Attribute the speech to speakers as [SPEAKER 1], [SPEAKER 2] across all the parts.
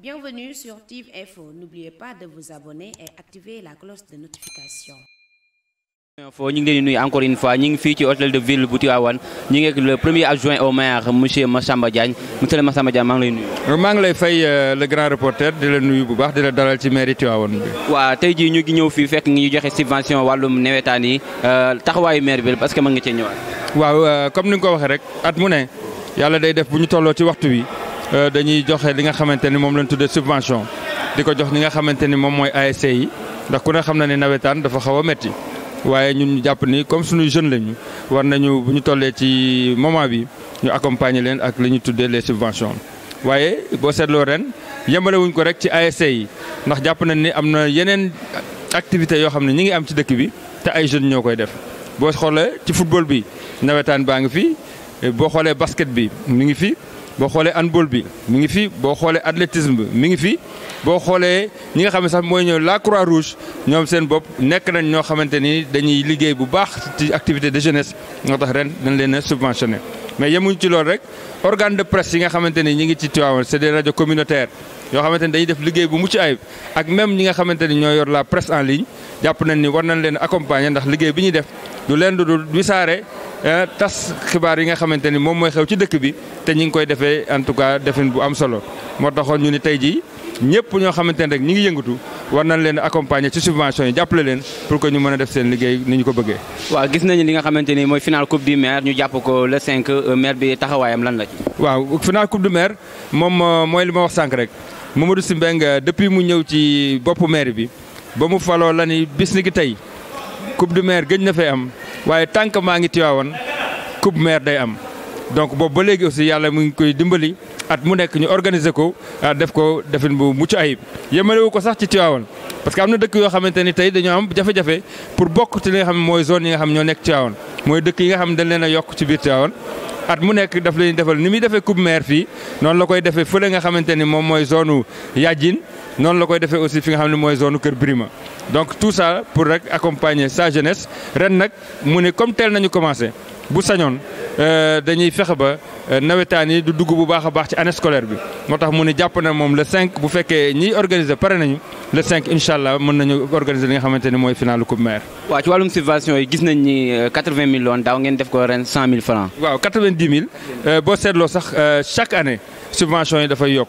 [SPEAKER 1] Bienvenue sur TIV Info. N'oubliez pas de vous abonner et activer la cloche de notification. info ñu ngi leen di encore une fois ñu ngi fii ci hôtel de ville bu Tivaouane ñu ngi le premier adjoint au maire monsieur Massamba Diagne monsieur Massamba Diagne maa ngi lay nuyu. Euh, maa ngi lay fay euh, le grand reporter di la nuit bu baax di la dalal ci mairie Tivaouane bi. waaw tey jii ñu ngi ñëw fii fekk ñu joxe subvention wàllum nawetaan yi euh, taxawaayu maire bi parce que mën nga
[SPEAKER 2] cee comme ni nga ko waxee rek at mu ne day def bu ñu ci waxtu Euh, dañuy joxe li nga xamante ni moom lañ tuddee subvention di ko jox ñi nga xamante ni moom mooy ASC yi ndax ku ne xam na ne nawetaan dafa xaw a metti waaye ñun ñu jàpp ni comme suñuy jeune lañu war nañu bu ñu tollee ci moment bi ñu accompagner leen ak li ñu tuddee les subvention waaye boo seetloo ren yemale ko rek ci ASC yi ndax jàpp nañ ni am na yeneen activités yoo xam ne ñi ngi am ci dëkk bi te ay jeunes ñoo koy def boo xoolee ci football bi nawetaan baa ngi fi boo xoolee basket bi ngi fi. boo xoolee handball bi mu ngi fi boo xoolee athlétisme bi mi ngi fi boo xoolee ñi nga xam ne sax mooy ñëw la croix rouge ñoom seen bopp nekk nañ ñoo xamante ni dañuy liggéey bu baax ci activité de jeunesse ñoo tax ren dañ leen a subventionné. mais yemuñ ci lool rek organ de presse yi nga xamante ni ñi ngi ci Tivaouane c'est des rajo communautaires ñoo xamante ni dañuy def liggéey bu mucc ayib ak même ñi nga xamante ni ñoo yor la presse en ligne jàpp nañ ni war nañ leen accompagner ndax liggéey bi ñuy def du leen du Eh, tas xibaar yi nga xamante ni moom mooy xew ci dëkk bi te ñu ngi koy defee en tout cas defin bu am solo moo taxoon ñu ni tey jii ñëpp ñoo xamante ne rek ñi ngi yëngatu war nañ leen accompagner ci subvention yi jàppale leen pour que ñu mën a def seen liggéey ni ñu ko bëggee.
[SPEAKER 1] waaw gis nañu ni nga xamante ni mooy final coupe du maire ñu jàpp ko le 5 euh, maire bi taxawaayam lan la ci. waaw final coupe du maire moom euh, mooy li ma wax sànq rek
[SPEAKER 2] Mamadou Sy Mbengue euh, depuis mu ñëw ci boppu maire bi ba mu faloo la bis ni tey coupe du na fee am. waaye tant que maa ngi Tiwaawan coupe maire day am donc boobu ba léegi aussi yàlla mu ngi koy dimbali at mu nekk ñu organiser ko ah, def ko defin bu mucc ayib yemalewu ko sax ci Tiwaawan parce que am na dëkk yoo xamante ni tey dañoo am jafe-jafe pour bokk ci li nga xam mooy zone yi nga xam ñoo nekk Tiwaawan mooy dëkk yi nga xam dañ leen a yokk ci biir Tiwaawan at mu nekk daf leen defal ni muy defee coupe maire fii noonu la koy defee fële nga xamante ni moom mooy zone u Yajin non la koy defee aussi fi nga xam ne zone Kër Birima donc tout ça pour rek accompagner sa jeunesse ren nag mu comme tel nañu commencé bu sañoon euh, dañuy fexe ba euh, nawetaan du dugg bu baax baax ci année scolaire bi motax mune mu ne na moom le 5 bu féké ñi organiser paré nañu le 5 incha mën nañu organiser li nga xamante moy mooy finalu coupe mère
[SPEAKER 1] waaw ci walum subvention yi gis nañ ni 80 000 loon daaw ngeen def ko ren 100 000 francs. waaw 90 000 euh, boo seetloo sax chaque année subvention yi dafay yokk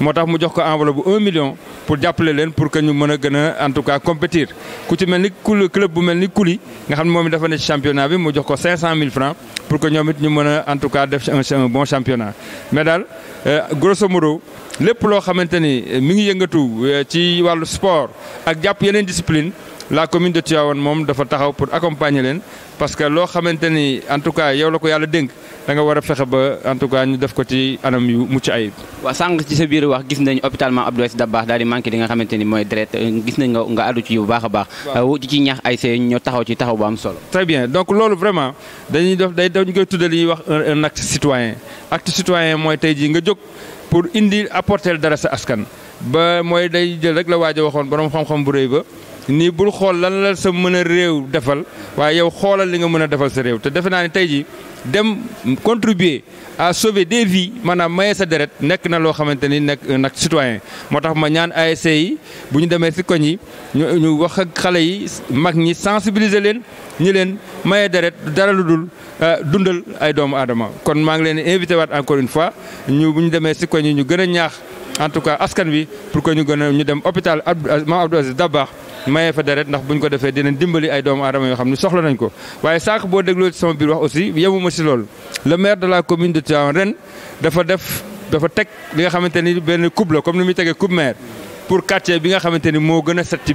[SPEAKER 2] moo mu jox ko enveloppe bu 1 million pour jàppale len pour que ñu mëna gëna en tout cas compétir ku ci melni ni club bu melni ni Kuli nga xamni momi dafa ne ci championnat bi mu jox ko 500000 francs pour que ñomit ñu mëna en tout cas def un bon championnat. mais dal euh, grosso modo lepp lo xamanteni mi ngi yëngatu euh, ci walu sport ak japp yeneen discipline. la commune de Tiawan mom dafa taxaw pour accompagner len
[SPEAKER 1] parce que lo xamanteni en tout cas yow la ko yàlla dénk da nga wara fexeba en tout cas ñu def ko ci anam yu mucc ayib. wa sang ci sa biir wax gis nañ hôpital ma Abdou Aziz Dabakh dal di manki li nga xamanteni moy direct gis nañ nga nga àddu ci yu baaxa baax. waaw ci ñax ay sey ñu taxaw ci taxaw bu am solo. très bien donc lolu vraiment dañuy def day dañu koy tuddel yi wax un acte citoyen acte citoyen
[SPEAKER 2] moy tay ji nga jog pour indi apporter dara sa askan ba moy day jël rek la waaj a borom xam-xam bu reuy ba. nii bul xool lan la sa mën a réew defal waaye yow xoolal li nga mën a defal sa réew te defe naa ne tey ji dem contribuer à sauver des vies maanaam maye sa deret nekk na loo xamante ni nekk nag citoyen moo tax ma ñaan ASC yi bu ñu demee si koñ yi ñu ñu wax ak xale yi mag ñi sensibilise leen ñi leen maye deret dara lu dul euh, dundal ay doomu aadama kon maa ngi leen invité waat encore une fois ñu bu ñu demee si koñ yi ñu gën a ñaax en tout cas askan bi pour que ñu gën ñu dem hôpital Maam Abdou Aziz Dabakh mayee fa deret ndax bu buñ ko defee dinañ dimbali ay doomu aadama yoo xam ne soxla nañ ko waaye sànq boo dégloo ci sama biir wax aussi yemuma si loolu le maire de la commune de Tivaouane ren dafa def dafa teg li nga xamante ni benn coupe la comme ni muy tegee coupe maire pour quartier bi nga xamante ni moo gën a set ci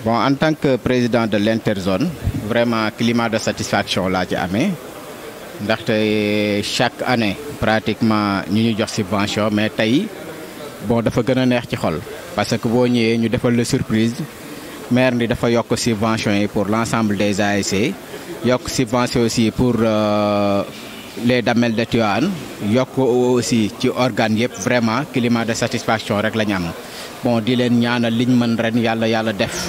[SPEAKER 3] Bon, en tant que président de l'Interzone, vraiment climat de satisfaction là, j'ai amee chaque année pratiquement nous avons jox subvention mais tey bon dafa gëna neex ci xol parce que vous voyez, ñu avons la surprise maire ni dafa yok subvention pour l'ensemble des ASC yok subvention aussi pour euh, les dames de Tivaouane yok aussi ci organes vraiment vraiment climat de satisfaction rek la ñam bon di leen ñaanal liñ mën ren yalla yalla def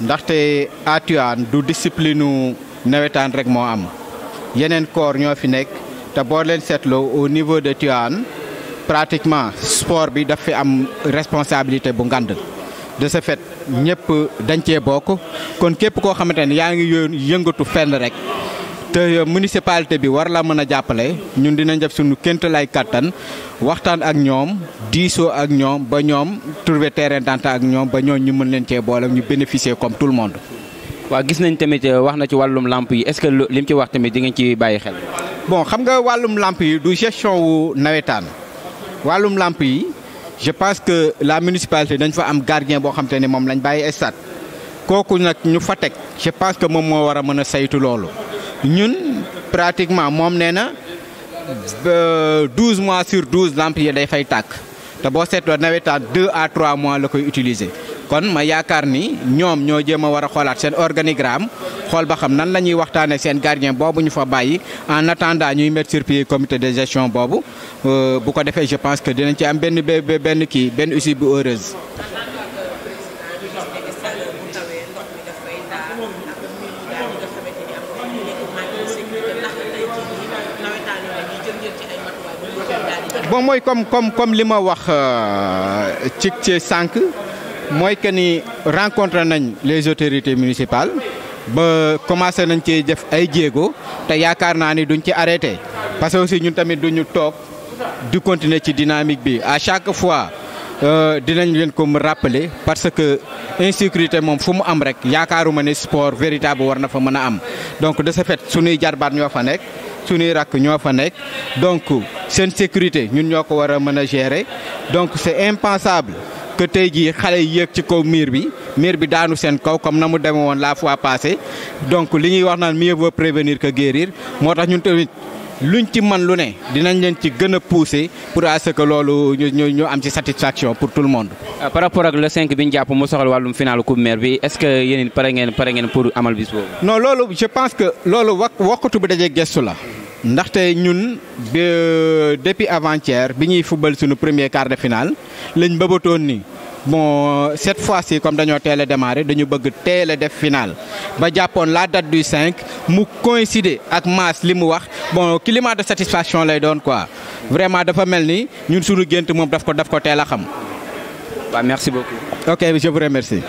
[SPEAKER 3] ndaxte à Tivaouane du discipline nawetaan rek moo am yeneen corps ñoo fi nekk te boo leen seetloo au niveau de Tivaouane pratiquement sport bi daf fi am responsabilité bu ngand de ce fait ñëpp dañ cee bokk kon képp koo xamante ne yaa ngi yëngatu fenn rek. té municipalité bi war la mëna jappalé ñun dinañ def suñu lay katan waxtaan ak ñom diisoo ak ñom ba ñom trouver terrain d'entente ak ñom ba ñoon ñu mën leen cee boole ñu bénéficier comme tout le monde. wa gis nañ tamit euh, wax na ci walum lampe yi est-ce que lim ci wax tamit di ngeen ci bayyi xel. bon xam nga walum lampe yi du gestion wu nawetaan walum lampe yi je pense que la municipalité dañ fa am gardien bo xam te ne lañ bayyi stade koku nak ñu fa tek je pense que mom mo wara mëna saytu lolu ñun pratiquement moom nee na douze mois sur douze lampe yi day fay tàkk te boo seetloo nawetaan deux à trois mois la koy utiliser. kon ma yaakaar ni ñoom ñoo jéem a war a xoolaat seen organigramme xool ba xam nan la ñuy waxtaanee seen gardien boobu ñu fa bàyyi en attendant ñuy mettre sur pied comité de gestion boobu euh, bu ko defee je pense que dinañ ci am benn benn kii benn usine bu heureuse. bon moi comme comme comme lima wax euh, ci ci sank moy que ni rencontre nañ les autorités municipales ba commencer nañ ci def ay jéego te yaakaar naa ni duñ ci arrêté parce que aussi ñun tamit duñu tok du continuer ci dynamique bi à chaque fois. Euh, dinañ leen ko rappeler parce que insécurité moom fu mu am rek sport véritable fa donc de ce fait jarbaat fa fa donc sécurité ñun gérer donc c'est impensable que tey jii xale ci kaw bi bi daanu comme la fois passée donc li wax prévenir que guérir ñun luñ ci man lu ne dinañ leen ci gën a pousser pour à ce que loolu
[SPEAKER 1] ñu ñu am ci satisfaction pour tout le monde. Euh, par rapport ak le 5 bi ñu jàpp mu soxal wàllum final coupe maire bi est-ce que yéen pare ngeen pare ngeen pour amal bis boobu.
[SPEAKER 3] non loolu je pense que loolu wax waxtu bu dajee gestu la. ndaxte ñun depuis avant-hier bi ñuy fubal sunu premier quart de finale lañ bëbëtoon ni bon euh, cette fois-ci comme nous avons a démarré nous avons télé a def finale ba Japon, la date du 5 mu coïncider ak mars bon mu wax bon climat de satisfaction lay donne quoi vraiment dafa sommes ni ñun suñu gént moom daf ko daf ko bah, merci beaucoup. ok je vous remercie.